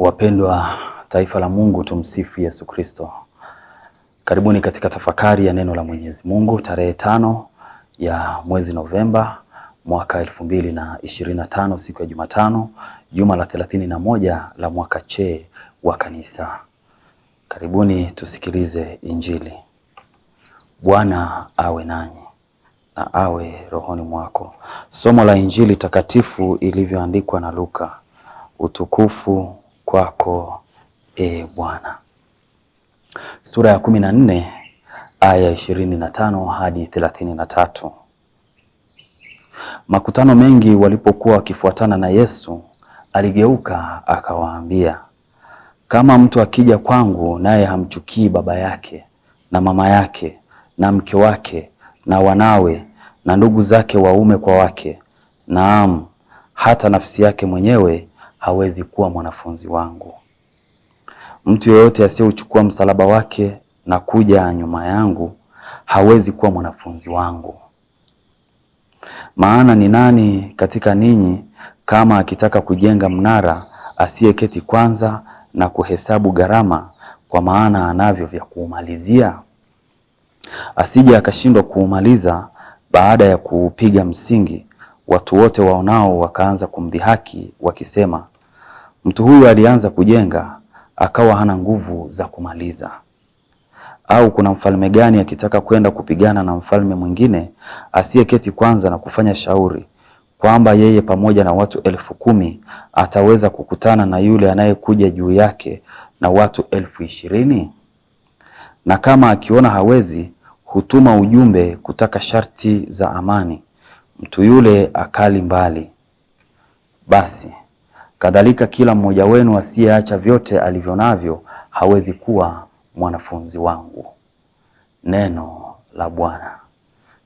Wapendwa taifa la Mungu, tumsifu Yesu Kristo. Karibuni katika tafakari ya neno la Mwenyezi Mungu tarehe tano ya mwezi Novemba mwaka elfu mbili na ishirini na tano siku ya Jumatano, juma la thelathini na moja la mwaka che wa kanisa. Karibuni tusikilize Injili. Bwana awe nanyi na awe rohoni mwako. Somo la Injili takatifu ilivyoandikwa na Luka. Utukufu kwako e Bwana. Sura ya kumi na nne aya ishirini na tano hadi thelathini na tatu. Makutano mengi walipokuwa wakifuatana na Yesu, aligeuka akawaambia, kama mtu akija kwangu naye hamchukii baba yake na mama yake na mke wake na wanawe na ndugu zake waume kwa wake, naam hata nafsi yake mwenyewe, hawezi kuwa mwanafunzi wangu. Mtu yeyote asiyeuchukua msalaba wake na kuja nyuma yangu hawezi kuwa mwanafunzi wangu. Maana ni nani katika ninyi kama akitaka kujenga mnara asiyeketi kwanza na kuhesabu gharama, kwa maana anavyo vya kuumalizia, asije akashindwa kuumaliza? Baada ya kuupiga msingi, watu wote waonao wakaanza kumdhihaki wakisema, Mtu huyu alianza kujenga akawa hana nguvu za kumaliza. Au kuna mfalme gani akitaka kwenda kupigana na mfalme mwingine asiyeketi kwanza na kufanya shauri kwamba yeye pamoja na watu elfu kumi ataweza kukutana na yule anayekuja juu yake na watu elfu ishirini? Na kama akiona hawezi, hutuma ujumbe kutaka sharti za amani, mtu yule akali mbali. Basi Kadhalika kila mmoja wenu asiyeacha vyote alivyo navyo hawezi kuwa mwanafunzi wangu. Neno la Bwana.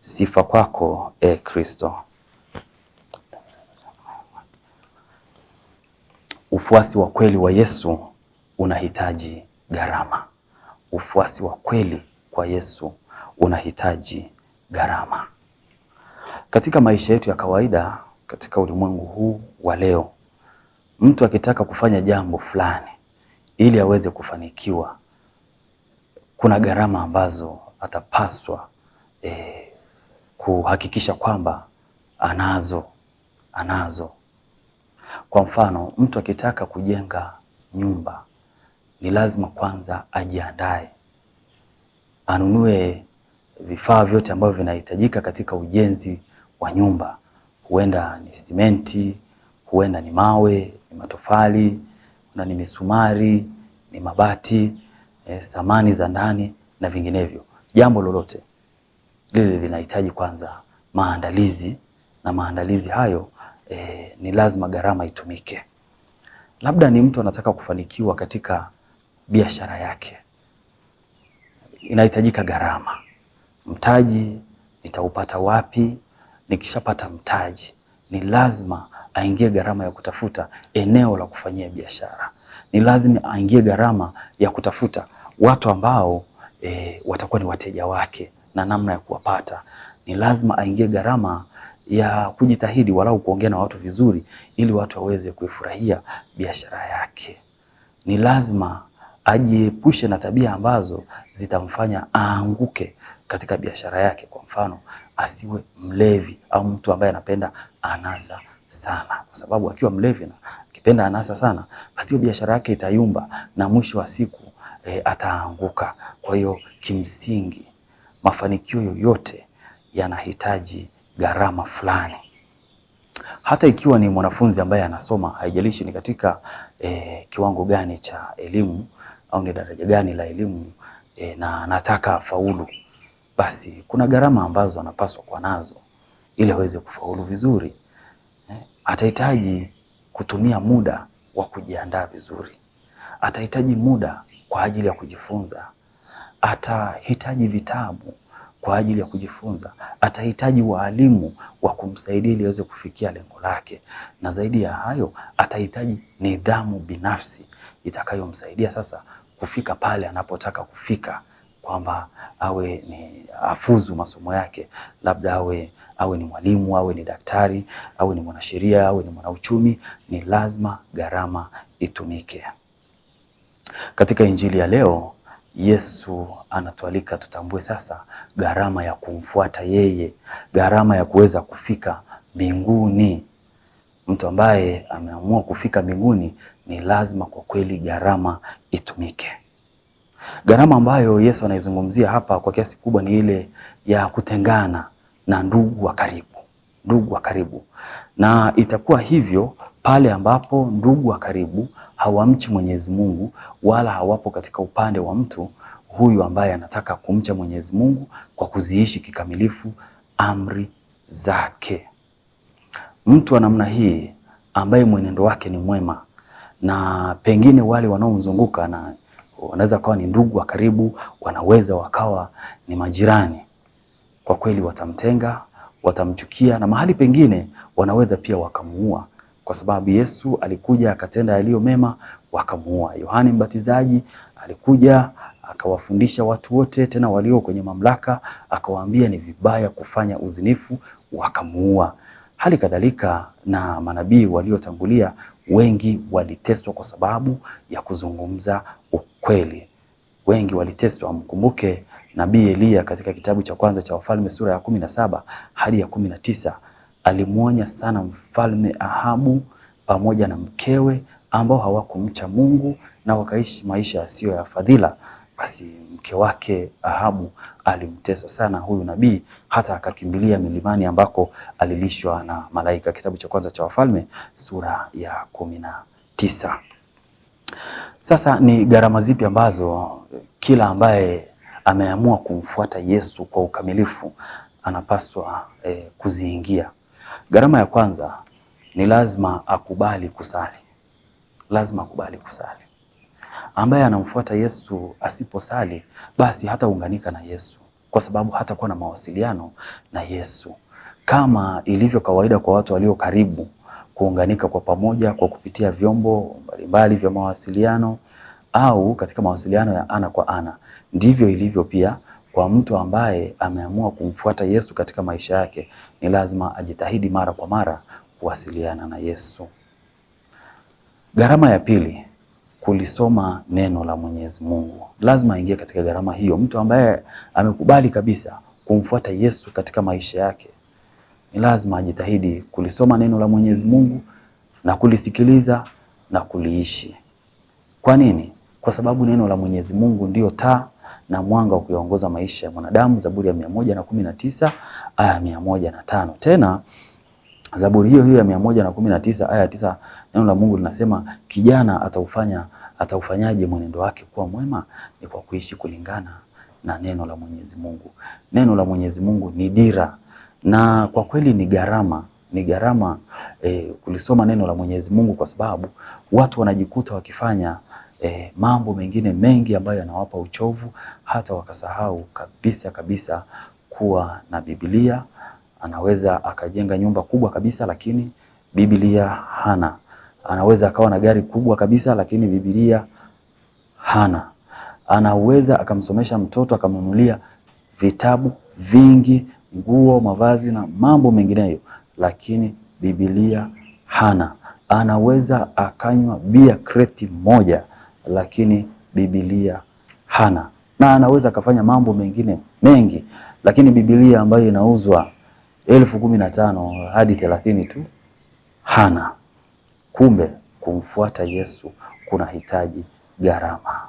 Sifa kwako e Kristo. Ufuasi wa kweli wa Yesu unahitaji gharama. Ufuasi wa kweli kwa Yesu unahitaji gharama. Katika maisha yetu ya kawaida, katika ulimwengu huu wa leo mtu akitaka kufanya jambo fulani ili aweze kufanikiwa, kuna gharama ambazo atapaswa eh, kuhakikisha kwamba anazo anazo. Kwa mfano, mtu akitaka kujenga nyumba ni lazima kwanza ajiandae, anunue vifaa vyote ambavyo vinahitajika katika ujenzi wa nyumba, huenda ni simenti huenda ni mawe, ni matofali na ni misumari, ni mabati eh, samani za ndani na vinginevyo. Jambo lolote lile linahitaji kwanza maandalizi na maandalizi hayo eh, ni lazima gharama itumike. Labda ni mtu anataka kufanikiwa katika biashara yake, inahitajika gharama. Mtaji nitaupata wapi? Nikishapata mtaji, ni lazima aingie gharama ya kutafuta eneo la kufanyia biashara, ni lazima aingie gharama ya kutafuta watu ambao e, watakuwa ni wateja wake na namna ya kuwapata. Ni lazima aingie gharama ya kujitahidi walau kuongea na watu vizuri, ili watu waweze kuifurahia biashara yake. Ni lazima ajiepushe na tabia ambazo zitamfanya aanguke katika biashara yake. Kwa mfano, asiwe mlevi au mtu ambaye anapenda anasa sana, kwa sababu akiwa mlevi na akipenda anasa sana, basi hiyo biashara yake itayumba na mwisho wa siku e, ataanguka. Kwa hiyo kimsingi, mafanikio yoyote yanahitaji gharama fulani. Hata ikiwa ni mwanafunzi ambaye anasoma, haijalishi ni katika e, kiwango gani cha elimu au ni daraja gani la elimu e, na anataka faulu, basi kuna gharama ambazo anapaswa kuwa nazo ili aweze kufaulu vizuri atahitaji kutumia muda wa kujiandaa vizuri, atahitaji muda kwa ajili ya kujifunza, atahitaji vitabu kwa ajili ya kujifunza, atahitaji waalimu wa kumsaidia ili aweze kufikia lengo lake, na zaidi ya hayo atahitaji nidhamu binafsi itakayomsaidia sasa kufika pale anapotaka kufika kwamba awe ni afuzu masomo yake, labda awe awe ni mwalimu, awe ni daktari, awe ni mwanasheria, awe ni mwanauchumi, ni lazima gharama itumike. Katika injili ya leo Yesu anatualika tutambue sasa gharama ya kumfuata yeye, gharama ya kuweza kufika mbinguni. Mtu ambaye ameamua kufika mbinguni ni lazima kwa kweli gharama itumike. Gharama ambayo Yesu anaizungumzia hapa kwa kiasi kubwa ni ile ya kutengana na ndugu wa karibu, ndugu wa karibu. Na itakuwa hivyo pale ambapo ndugu wa karibu hawamchi Mwenyezi Mungu wala hawapo katika upande wa mtu huyu ambaye anataka kumcha Mwenyezi Mungu kwa kuziishi kikamilifu amri zake. Mtu wa namna hii ambaye mwenendo wake ni mwema na pengine wale wanaomzunguka na wanaweza wakawa ni ndugu wa karibu, wanaweza wakawa ni majirani. Kwa kweli watamtenga, watamchukia na mahali pengine wanaweza pia wakamuua, kwa sababu Yesu alikuja akatenda yaliyo mema, wakamuua. Yohani Mbatizaji alikuja akawafundisha watu wote, tena walio kwenye mamlaka, akawaambia ni vibaya kufanya uzinifu, wakamuua. Hali kadhalika na manabii waliotangulia wengi waliteswa kwa sababu ya kuzungumza ukweli kweli. Wengi waliteswa. Mkumbuke nabii Eliya katika kitabu cha kwanza cha Wafalme sura ya kumi na saba hadi ya kumi na tisa alimwonya sana mfalme Ahabu pamoja na mkewe ambao hawakumcha Mungu na wakaishi maisha yasiyo ya fadhila. Basi mke wake Ahabu alimtesa sana huyu nabii hata akakimbilia milimani ambako alilishwa na malaika. Kitabu cha kwanza cha Wafalme sura ya kumi na tisa. Sasa ni gharama zipi ambazo kila ambaye ameamua kumfuata Yesu kwa ukamilifu anapaswa eh, kuziingia? Gharama ya kwanza ni lazima akubali kusali, lazima akubali kusali. Ambaye anamfuata Yesu asiposali, basi hataunganika na Yesu kwa sababu hatakuwa na mawasiliano na Yesu, kama ilivyo kawaida kwa watu walio karibu kuunganika kwa pamoja kwa kupitia vyombo mbalimbali vya mawasiliano au katika mawasiliano ya ana kwa ana. Ndivyo ilivyo pia kwa mtu ambaye ameamua kumfuata Yesu katika maisha yake, ni lazima ajitahidi mara kwa mara kuwasiliana na Yesu. Gharama ya pili, kulisoma neno la Mwenyezi Mungu. Lazima aingie katika gharama hiyo, mtu ambaye amekubali kabisa kumfuata Yesu katika maisha yake ni lazima ajitahidi kulisoma neno la Mwenyezi Mungu na kulisikiliza na kuliishi. Kwa nini? Kwa sababu neno la Mwenyezi Mungu ndiyo taa na mwanga wa kuyaongoza maisha ya mwanadamu. Zaburi ya mia moja na kumi na tisa aya mia moja na tano. Tena Zaburi hiyo hiyo ya mia moja na kumi na tisa aya tisa neno la Mungu linasema kijana ataufanya ataufanyaje mwenendo wake kuwa mwema? Ni kwa kuishi kulingana na neno la Mwenyezi Mungu. Neno la Mwenyezi Mungu ni dira na kwa kweli ni gharama, ni gharama eh, kulisoma neno la Mwenyezi Mungu, kwa sababu watu wanajikuta wakifanya eh, mambo mengine mengi ambayo yanawapa uchovu, hata wakasahau kabisa kabisa kuwa na Biblia. Anaweza akajenga nyumba kubwa kabisa, lakini Biblia hana. Anaweza akawa na gari kubwa kabisa, lakini Biblia hana. Anaweza akamsomesha mtoto akamnunulia vitabu vingi nguo, mavazi na mambo mengineyo, lakini Biblia hana. Anaweza akanywa bia kreti moja, lakini Biblia hana, na anaweza akafanya mambo mengine mengi, lakini Biblia ambayo inauzwa elfu kumi na tano hadi thelathini tu hana. Kumbe kumfuata Yesu kuna hitaji gharama,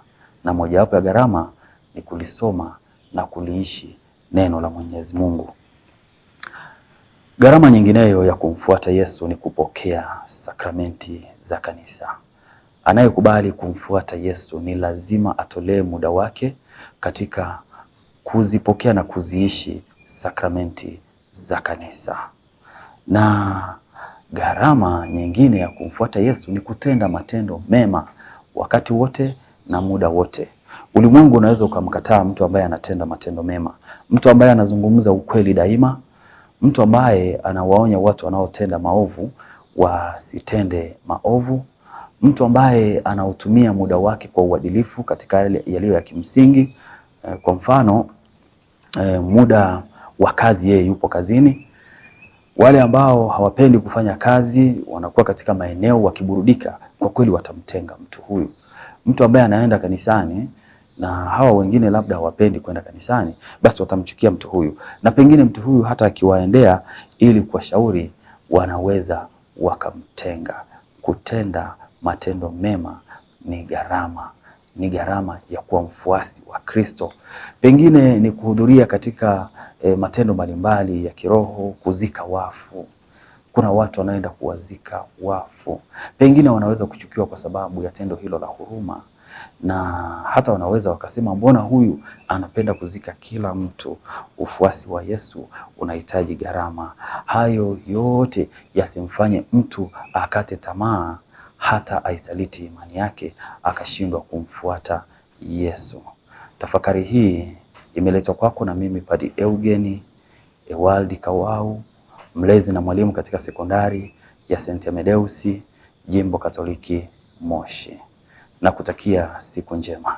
na mojawapo ya gharama ni kulisoma na kuliishi neno la Mwenyezi Mungu. Gharama nyingineyo ya kumfuata Yesu ni kupokea sakramenti za kanisa. Anayekubali kumfuata Yesu ni lazima atolee muda wake katika kuzipokea na kuziishi sakramenti za kanisa. Na gharama nyingine ya kumfuata Yesu ni kutenda matendo mema wakati wote na muda wote. Ulimwengu unaweza ukamkataa mtu ambaye anatenda matendo mema, mtu ambaye anazungumza ukweli daima, mtu ambaye anawaonya watu wanaotenda maovu wasitende maovu, mtu ambaye anautumia muda wake kwa uadilifu katika yaliyo ya kimsingi. Eh, kwa mfano, eh, muda wa kazi, yeye yupo kazini. Wale ambao hawapendi kufanya kazi wanakuwa katika maeneo wakiburudika, kwa kweli watamtenga mtu huyu. Mtu ambaye anaenda kanisani na hawa wengine labda hawapendi kwenda kanisani, basi watamchukia mtu huyu, na pengine mtu huyu hata akiwaendea ili kuwashauri, wanaweza wakamtenga. Kutenda matendo mema ni gharama, ni gharama ya kuwa mfuasi wa Kristo. Pengine ni kuhudhuria katika e, matendo mbalimbali ya kiroho, kuzika wafu kuna watu wanaenda kuwazika wafu, pengine wanaweza kuchukiwa kwa sababu ya tendo hilo la huruma na hata wanaweza wakasema mbona huyu anapenda kuzika kila mtu? Ufuasi wa Yesu unahitaji gharama. Hayo yote yasimfanye mtu akate tamaa, hata aisaliti imani yake akashindwa kumfuata Yesu. Tafakari hii imeletwa kwako na mimi padi Eugeni Ewaldi Kawau, mlezi na mwalimu katika sekondari ya St. Amedeusi, Jimbo Katoliki Moshi na kutakia siku njema.